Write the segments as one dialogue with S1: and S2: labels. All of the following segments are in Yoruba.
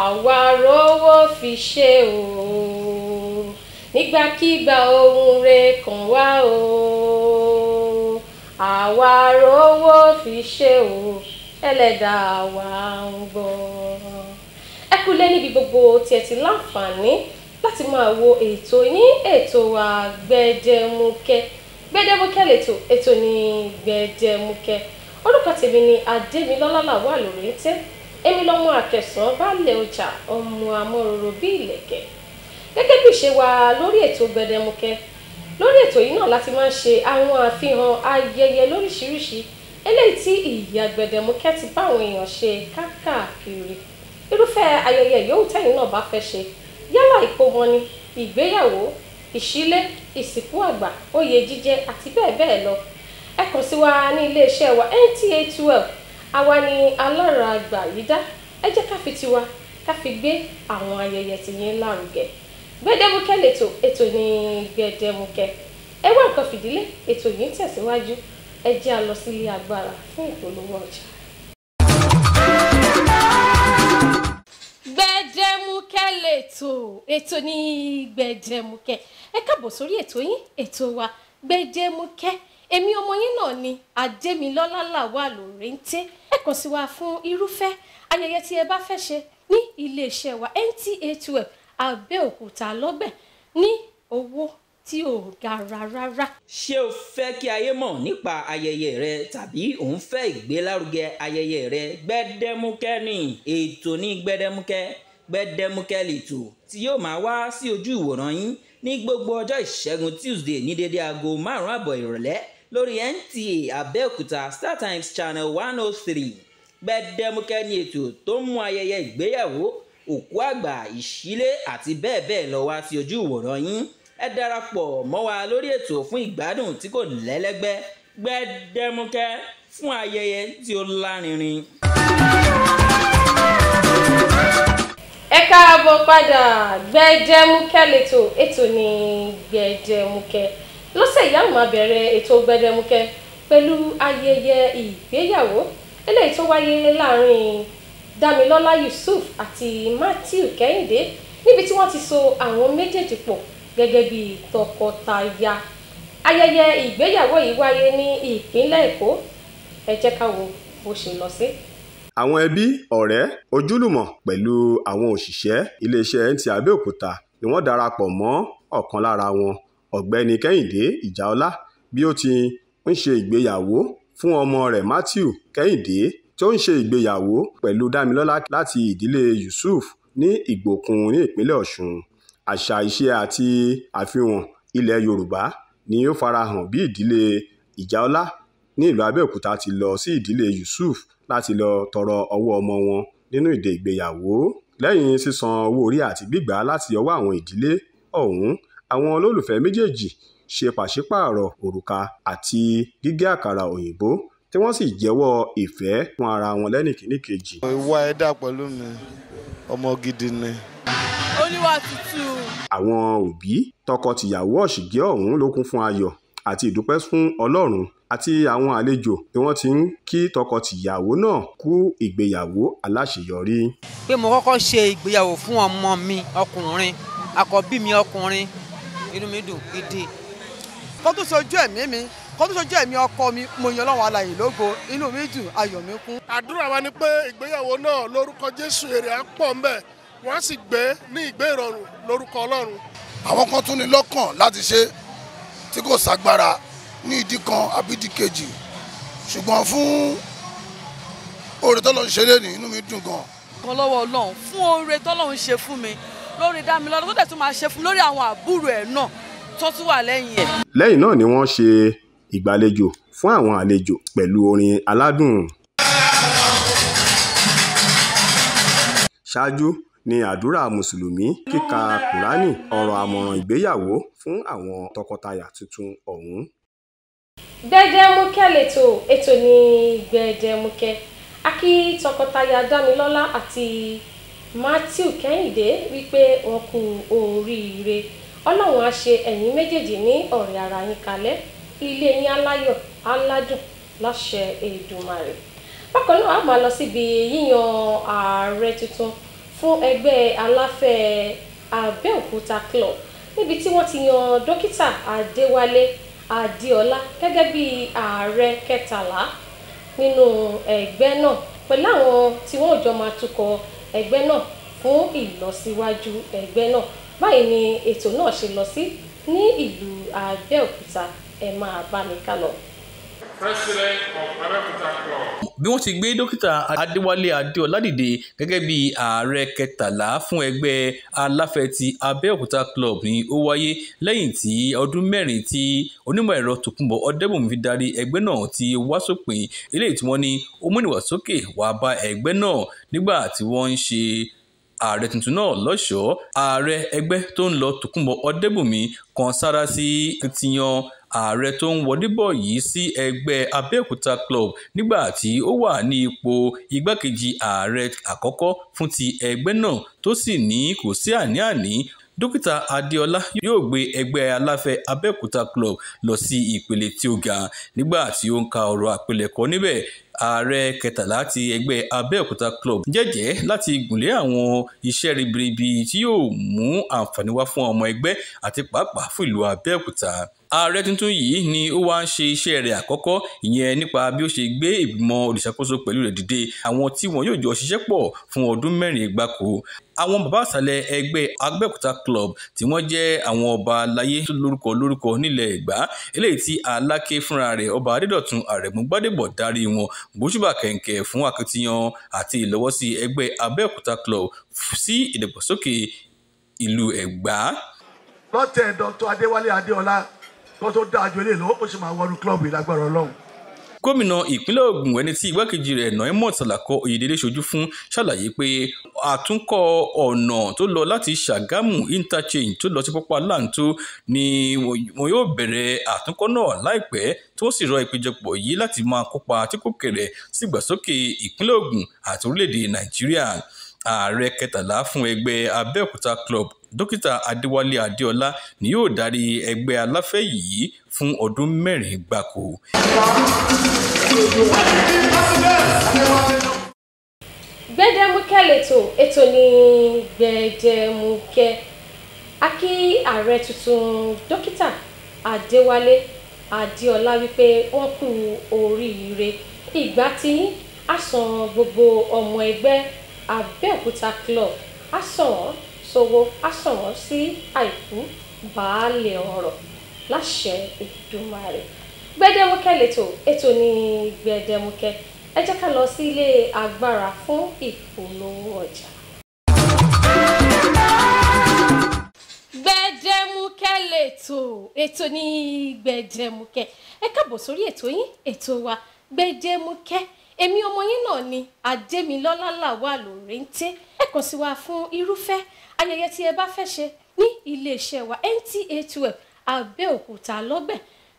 S1: àwa rówó fi ṣe o nígbàkígbà ohun rẹ kàn wá o àwa rówó fi ṣe o ẹlẹ́dàá wa ń gbọ́. ẹ kúlé níbi gbogbo tí ẹ ti láǹfààní láti máa wo ètò yín ètò wa Gbẹdẹmukẹ Gbẹdẹmukẹ lètò ètò ní Gbẹdẹmukẹ orúkọ tèmi ni adémilọ́lá làwà lórí ń tẹ́ èmi lọ́mọ àkẹsàn baálẹ̀ ọjà ọmọ amóròrò bí ìlẹ̀kẹ̀ gẹ́gẹ́ bí ìṣe wa lórí ètò gbẹdẹmukẹ lórí ètò yìí náà láti máa ń ṣe àwọn àfihàn ayẹyẹ lóríṣiríṣi eléyìí tí ìyá gbẹdẹmukẹ ti bá àwọn èèyàn ṣe káàkiri irúfẹ́ ayẹyẹ yòówù tẹ́yìn náà bá fẹ́ ṣe yálà ìkómọ ni ìgbéyàwó ìṣílé ìsìnkú àgbà oyè jíjẹ àti bẹ́ẹ̀ bẹ́ẹ̀ lọ ẹ kàn sí wa ní iléeṣẹ́ wa NTA twelve àwa ni alára àgbà yìí dá ẹ jẹ́ ká fi tiwa ká fi gbé àwọn ayẹyẹ tìyín lárugẹ gbẹdẹmukẹ lètò ètò ní gbẹdẹmukẹ ẹ wá nǹkan fìdílé ètò yìí ń tẹ̀síwájú ẹ jẹ́ a lọ sílé agbára fún ìpolówó ọjà. gbẹdẹmukẹ lètò ètò ní gbẹdẹmukẹ ẹ káàbọ̀ sórí ètò yín ètò wa gbẹdẹmukẹ èmi ọmọ yín náà ni àjẹmílọ́lá làwà lórèǹté ẹ kàn sí wa fún irúfẹ́ ayẹyẹ tí ẹ bá fẹ́ ṣe ní iléeṣẹ́ wa NTA twelve Abẹ́òkúta lọ́gbẹ̀ ní owó tí ò ga rárá.
S2: ṣé o fẹ́ kí ayé mọ̀ nípa ayẹyẹ rẹ tàbí ò ń fẹ́ ìgbélárugẹ ayẹyẹ rẹ gbẹdẹmukẹ ni ètò ní gbẹdẹmukẹ gbẹdẹmukẹ lètò tí yóò máa wá sí ojú ìwòran yín ní gbogbo ọjọ́ ìṣẹ́gun Tuesday ní dédé aago márùn-ún àbọ̀ ìrọ̀lẹ́ lórí NTA Abẹ́òkúta Star Times Channel one oh three gbẹdẹmukẹ ní ètò tó ń mú ayẹyẹ ìgbéyàwó òkú àgbà ìṣílé àti bẹ́ẹ̀ bẹ́ẹ̀ lọ wá sí ojú ìwòran yín ẹ darapọ̀ mọ́ wa lórí ètò fún ìgbádùn tí kò lẹ́lẹ́gbẹ́ gbẹdẹmukẹ fún ayẹyẹ tí ó lárinrin.
S1: ẹ káàbọ̀ padà gbẹdẹmukẹ lẹ́tọ̀ ètò ní gbẹdẹmukẹ lọ́sẹ̀ ìyá máa bẹ̀rẹ̀ ètò gbẹdẹmukẹ pẹ̀lú ayẹyẹ ìgbéyàwó eléyìí tó wáyé láàrin Damilọ́lá Yusuf àti Matthew Kẹ́hìndé níbi tí wọ́n ti so àwọn méjèèjì pọ̀ gẹ́gẹ́ bí tọkọtaya ayẹyẹ ìgbéyàwó yìí wáyé ní ìpínlẹ̀ Èkó ẹ jẹ́ ká wo bó ṣe lọ sí
S3: àwọn ẹbí ọ̀rẹ́ ojúlùmọ̀ pẹ̀lú àwọn òṣìṣẹ́ iléeṣẹ́ NTA Abẹ́òkúta ni wọ́n darapọ̀ mọ́ ọ̀kan lára wọn ọ̀gbẹ́ni kẹ́hìndé ìjáọlá bí ó ti ń ṣe ìgbéyàwó fún ọmọ rẹ̀ matthew kẹ́hìndé tó ń ṣe ìgbéyàwó pẹ̀lú damilọla láti ìdílé yusuf ní ìgbòkùn ní ìpínlẹ̀ ọ̀sùn àṣà ìṣe àti àfihàn ilẹ̀ yorùbá ni ó farahàn bí ìdílé ìjáọlá ní ìlú abẹ́òkúta ti lọ sí ìdílé yusuf láti lọ tọrọ ọwọ́ ọmọ wọn nínú ìdè ìgbéyàwó lẹ́yìn sísan owó orí àti gbígbà láti ọwọ́ àwọn ìdílé ọ̀hún àwọn olólùfẹ́ méjèèjì ṣe pàṣípààrọ̀ òrùka àti gígé àkàrà òyìnbó tí wọ́n sì jẹ́wọ́ ìfẹ́ fún ara wọn lẹ́nìkíní kejì.
S4: ìwà ẹ̀dá pẹ̀lú
S2: mi ọmọ gidi ni. oníwà tútù.
S3: àwọn òbí tọkọ-tìyàwó ọ̀ṣìgẹ́ ọ̀hún ló kún fún ayọ̀ àti ìdúpẹ́ fún ọlọ́run àti àwọn àlejò tí wọ́n ti ń kí tọkọ-tìyàwó náà kú ìgbéyàwó aláṣeyọrí.
S2: pé mo kọ́kọ́ ṣe ìgbéyàwó fún ọmọ mi ọkùnrin àkọ́bí mi ọkùnrin inú mi dùn gidi. kó tún sojú ẹ̀mí mi kó tún sojú
S4: ẹ̀mí ọkọ mi mo yan Ọlọ́run alààyè lógo inú mi dùn ayọ̀ mi kún. àdúrà wa ni pé ìgbéyàwó náà lórúkọ Jésù èrè á pọ̀ ńbẹ̀ wọ́n á sì gbé ní ìgbé ìrọ̀rùn lórúkọ Ọlọ́run. àwọn kan tún ní lọ́kàn láti ṣe tí kò ságbára ní ìdí kan àbí kejì ṣùgbọ́n fún
S2: oore tọ́lọ́ ṣe lé ní inú mi dùn gan. kan lọ́wọ́ Ọlọ́run fún oore tọ́lọ́ ṣe fún mi lórí Dámilọ́lá tó dẹ̀ tún máa ṣe fún lórí àwọn àbúrò ẹ̀ náà tó tún wà lẹ́yìn ẹ̀.
S3: lẹ́yìn náà ni wọ́n ṣe ìgbàlejò fún àwọn àlejò pẹ̀lú orin aládùn. ṣáájú ni àdúrà mùsùlùmí kíka kùránì ọ̀rọ̀ àmọ̀ràn ìgbéyàwó fún àwọn tọkọtaya tuntun ọ̀hún.
S1: gbẹdẹmukẹ lẹtọ ètò ní gbẹdẹmukẹ a kí tọkọtaya Dámilọ́lá àti matthew kẹ́hìndé wípé wọn kú oríire ọlọ́run á ṣe ẹ̀yin méjèèjì ní ọ̀rẹ́ ara yín kalẹ̀ ilé yín aláyọ̀ aládùn láṣẹ èdùmarè bákan náà a máa lọ síbi yíyan ààrẹ tuntun fún ẹgbẹ́ aláfẹ́ abẹ́òkúta club níbi tí wọ́n ti yan dókítà adéwálé adéọlá gẹ́gẹ́ bí ààrẹ kẹtàlá nínú ẹgbẹ́ náà pẹ̀lú àwọn tí wọ́n jọ máa tukọ̀ ẹgbẹ́ náà fún ìlọsíwájú ẹgbẹ́ náà báyìí ni ètò náà ṣe lọ sí ní ìlú Abẹ́òkúta ẹ máa bá mi kálọ
S4: president of Abeokuta club.
S5: bí wọ́n ti gbé dókítà adéwálé adéọlá dìde gẹ́gẹ́ bí ààrẹ kẹtàlá fún ẹgbẹ́ aláfẹ́ ti Abeokuta club ni ó wáyé lẹ́yìn tí ọdún mẹ́rin tí onímọ̀ ẹ̀rọ tòkunbọ̀ ọ̀dẹ́bùnmi fi darí ẹgbẹ́ náà ti wá sópin eléyìí tí wọ́n ní ó mú ìwàsókè wàá bá ẹgbẹ́ náà nígbà tí wọ́n ń ṣe ààrẹ tuntun náà lọ́ṣọ̀ọ́ ààrẹ ẹgbẹ́ tó ń lọ tòkunbọ̀ ọ̀dẹ́bùnmi kan sára sí akitiyan ààrẹ tó ń wọlé bọ̀ yìí sí ẹgbẹ́ Abẹ́òkúta club nígbà tí ó wà ní ipò igbákejì ààrẹ àkọ́kọ́ fún ti ẹgbẹ́ náà tó sì ní kò sí àní-àní dókítà adéọlá yóò gbé ẹgbẹ́ aláfẹ́ abẹ́òkúta club lọ sí ìpele tí ó ga nígbà tí ó ń ka ọ̀rọ̀ àpilẹ̀kọ níbẹ̀ ààrẹ kẹtàlá ti ẹgbẹ́ abẹ́òkúta club jẹ́jẹ́ láti gùnlé àwọn iṣẹ́ ribiribi tí yóò mú àǹfààní wá fún ọmọ ẹgbẹ́ àti pàápàá fún ìlú abẹ́òkúta ààrẹ tuntun yìí ni ó wá ń ṣe iṣẹ́ rẹ̀ àkọ́kọ́ ìyẹn nípa bí ó ṣe gbé ìgbìmọ̀ olùṣàkóso pẹ̀lú rẹ̀ dìde àwọn tí wọn yóò jọ ṣiṣẹ́ pọ̀ fún ọdún mẹ́rin gbáko àwọn bàbá àṣàlẹ̀ ẹgbẹ́ Abẹ́òkúta club tí wọ́n jẹ́ àwọn ọba láyé lórúkọ lórúkọ nílẹ̀ Ẹ̀gbá eléyìí tí Aláké fúnra rẹ̀ ọba Adédọ̀tun Àrẹ̀mú Gbádébọ̀ darí wọn gbóṣùbà kẹ̀ǹkẹ̀ fún akitiyan àti ìlọ́wọ́sí ẹgbẹ́ Abẹ́òkúta club sí ìdàgbàsókè ìlú Ẹ̀gbá.
S3: lọ́tẹ̀ Dr. Adéwálé Adéọlá kó tó dáa ju eléyìí lọ ó sì máa wọnú kílọ̀bù ìlágbára
S5: ọlọ́run. gómìnà ìpínlẹ̀ Ògùn ẹni tí igbákejì rẹ̀ Noemot Salako Oyèdélé ṣojú fún ṣàlàyé pé àtúnkọ́ ọ̀nà tó lọ láti Ṣàgámù interchange tó lọ sí Pópó Aláǹtó ni wọn yóò bẹ̀rẹ̀ àtúnkọ́ náà láìpẹ́ tó sì rọ ìpéjọpọ̀ yìí láti máa kópa tí kò kéré sígbàsókè ìpínlẹ̀ Ògùn àti orílẹ̀-èdè Nàìjíríà ààrẹ kẹtàlá fún ẹgbẹ́ Abẹ́òkúta club dókítà adéwálé adéọlá ni yóò darí ẹgbẹ́ aláfẹ́ yìí fún ọdún mẹ́rin gbáko.
S1: gbẹdẹmukẹ lẹtọ ètò ní gbẹdẹmukẹ a kí ààrẹ tuntun dókítà adéwálé adéọlá wípé wọn kú oríire ìgbà tí a sàn gbogbo ọmọ ẹgbẹ́ abẹ́òkúta club a ṣògo á sàn wọ́n sí àìkú baálé ọ̀rọ̀ láṣẹ Èdùmàrè gbẹdẹmukẹ lẹ́tọ̀ ètò ní gbẹdẹmukẹ ẹ jẹ́ ká lọ sí ilé agbára fún ìpolówó ọjà. gbẹdẹmukẹ lẹ́tọ̀ ètò ní gbẹdẹmukẹ ẹ sórí ètò yín ètò wa gbẹdẹmukẹ èmi ọmọ yín náà ni Adémilọ́lá Lawal Lórèǹté ẹ kàn sí wa fún irúfẹ́ ayẹyẹ tí ẹ bá fẹ́ ṣe ní iléeṣẹ́ wa NTA twelve Abẹ́òkúta lọ́gbẹ̀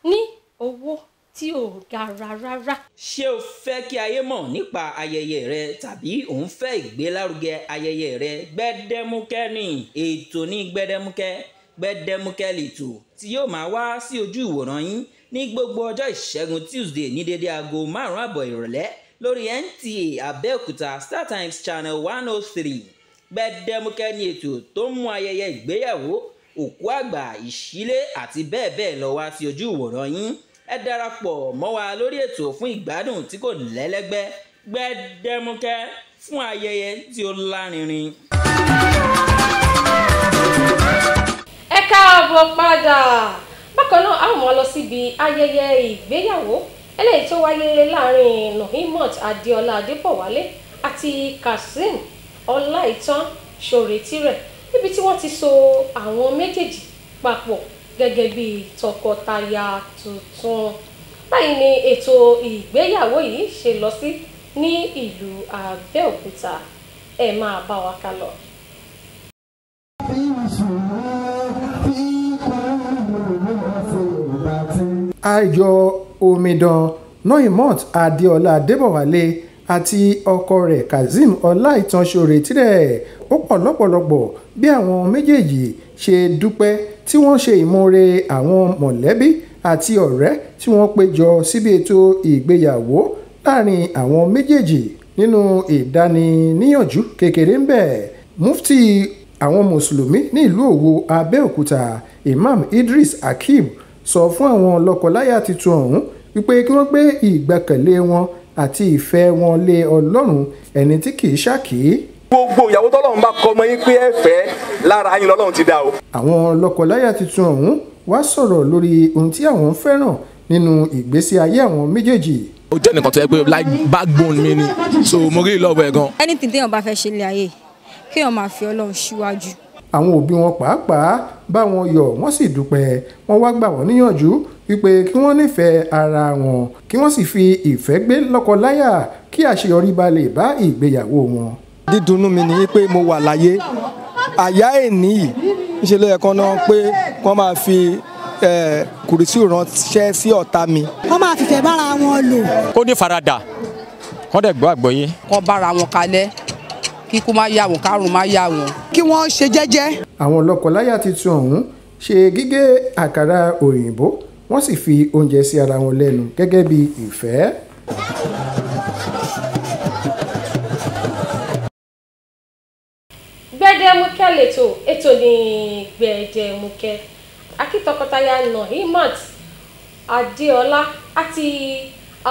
S1: ní owó tí ò ga rárá.
S2: ṣé o fẹ́ kí ayé mọ̀ nípa ayẹyẹ rẹ tàbí ò ń fẹ́ ìgbélárugẹ ayẹyẹ rẹ gbẹdẹmukẹ́ ni ètò ní gbẹdẹmukẹ́ gbẹdẹmukẹ́ lètò tí yóò máa wá sí ojú ìwòran yín ní gbogbo ọjọ́ ìṣẹ́gun Tuesday ní dédé aago márùn-ún àbọ̀ ìrọ̀lẹ́ lórí NTA Abẹ́òkúta Star Times Channel one oh three gbẹdẹmukẹ ni ètò tó ń mú ayẹyẹ ìgbéyàwó òkú àgbà ìṣílé àti bẹ́ẹ̀ bẹ́ẹ̀ lọ wá sí ojú ìwòran yín ẹ darapọ̀ mọ́ wa lórí ètò fún ìgbádùn tí kò lẹ́lẹ́gbẹ́ gbẹdẹmukẹ fún ayẹyẹ tí ó lárinrin.
S1: ẹ káàbọ̀ padà bákan náà a mọ̀ lọ síbi ayẹyẹ ìgbéyàwó eléyìí tó wáyé láàrin nohimot adéọlá adépọ̀wálé àti kazeem ọláìtàn ṣòrétírẹ̀ níbi tí wọ́n ti so àwọn méjèèjì papọ̀ gẹ́gẹ́ bí tọkọtaya tuntun báyìí ni ètò ìgbéyàwó yìí ṣe lọ sí ní ìlú Abẹ́òkúta ẹ máa bá wa ká lọ.
S4: ayọ̀ omidan noimot adéọlá adébọ̀wálé àti ọkọ rẹ̀ kazeem ọláìtàn ṣòre tirẹ̀ ó pọ̀ lọ́pọ̀lọpọ̀ bí àwọn méjèèjì ṣe dúpẹ́ tí wọ́n ṣe ìmoore àwọn mọ̀lẹ́bí àti ọ̀rẹ́ tí wọ́n péjọ síbi ètò ìgbéyàwó láàrin àwọn méjèèjì nínú ìdániníyànjú kékeré ń bẹ mufti àwọn mùsùlùmí ní ìlú òwò abẹ́òkúta imam idris akeem sọ fún àwọn lọ́kọláya tuntun ọ̀hún wípé kí wọ́n gbé ìgbẹ́kẹ̀lé wọn àti ìfẹ́ wọn lé ọlọ́run ẹni tí kì í
S5: ṣàkí. gbogbo ìyàwó tọ́lọ́run bá kọ́ ọmọ yín pé ẹ fẹ́ lára yín lọ́lọ́run ti dá o.
S4: àwọn lọ́kọláya tuntun ọ̀hún wá sọ̀rọ̀ lórí ohun tí àwọn fẹ́ràn nínú ìgbésí ayé àwọn méjèèjì
S5: ó jẹ́ nìkan tó yẹ pé like backbone mi ni so mo rí love ẹ̀ gan.
S4: anything
S1: téèyàn bá fẹ́ ṣe ilé ayé kéèyàn máa fi ọlọ́run síwájú
S4: àwọn òbí wọn pàápàá bá wọn yọ̀ wọ́n sì dúpẹ́ wọ́n wá gbà wọ́n níyànjú wípé kí wọ́n nífẹ̀ẹ́ ara wọn kí wọ́n sì fi ìfẹ́ gbé lọ́kọláya kí àṣeyọrí ba lè bá ìgbéyàwó wọn. dídùnnú mi ni pé mo wà láyé àyá èní yìí ńṣe ló yẹ kán náà pé wọ́n máa fi kùrìsì ránṣẹ́ sí ọ̀tá mi. wọ́n máa fìfẹ́
S2: bára wọn lò.
S4: kó ní faradà kó dẹ̀ gbọ́ àgbọ́yé.
S2: kó bára wọn kalẹ̀ kíkú má yà wọ́n kárùn má yà wọ́n. kí wọ́n ṣe jẹ́jẹ́.
S4: àwọn lọ́kọláya tuntun ọ̀hún ṣe gígé àkàrà òyìnbó wọ́n sì fi oúnjẹ sí ara wọn lẹ́nu gẹ́gẹ́ bí ìfẹ́.
S1: gbẹdẹmukẹ lẹtọ ètò ní gbẹdẹmukẹ akítọkọtaya nahimat adeola àti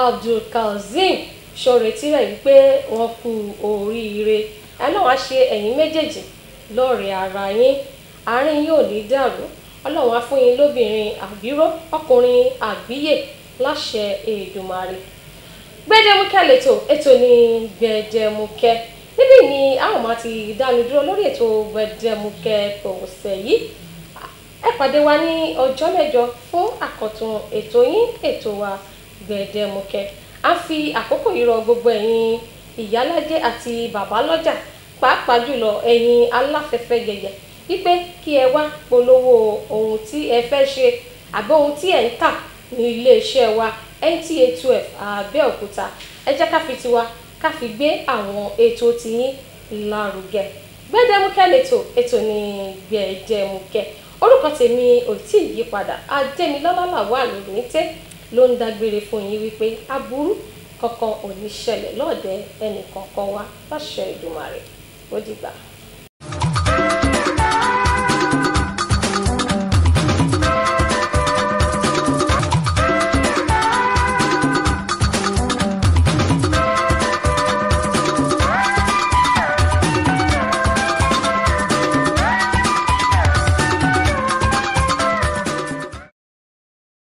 S1: abdulkazeem sọ̀rọ̀ etí rẹ̀ wípé wọ́n kú oríire Ọlọ́run á ṣe ẹ̀yin méjèèjì lọ́rẹ̀ẹ́ ara yín àárín yóò ní dàrú Ọlọ́run á fún yín lóbìnrin àbíró ọkùnrin àbíyè láṣẹ Èdùmàrè Gbẹdẹmukẹ lètò ètò ní Gbẹdẹmukẹ níbí ni àwọn máa ti dánu dúró lórí ètò Gbẹdẹmukẹ ọ̀sẹ̀ yìí ẹ pàdé wa ní ọjọ́ mẹ́jọ fún àkọ́tún ètò yín ètò wa Gbẹdẹmukẹ a fi àkókò yìí rọ gbogbo ẹ̀yin ìyálẹ́jẹ́ àti bàbálọ́jà pàápàá jùlọ ẹ̀yin aláfẹ́fẹ́ yẹyẹ wípé kí ẹ wá polówó ohun tí ẹ fẹ́ ṣe àbí ohun tí ẹ ń tà ní iléeṣẹ́ wa NTA twelve Abẹ́òkúta ẹ jẹ́ ká fi tiwa ká fi gbé àwọn ètò tiyín lárugẹ gbẹdẹmukẹ lẹtọ ètò ní gbẹdẹmukẹ orúkọ tèmi ò tí ì yí padà Adémilọ́lá làwọn àlòrán tẹ ló ń dágbére fún yín wípé aburú kankan ò ní ṣẹlẹ̀ lọ́ọ̀dẹ ẹnì kankan wa láṣẹ Èdùmàrè ó dìgbà.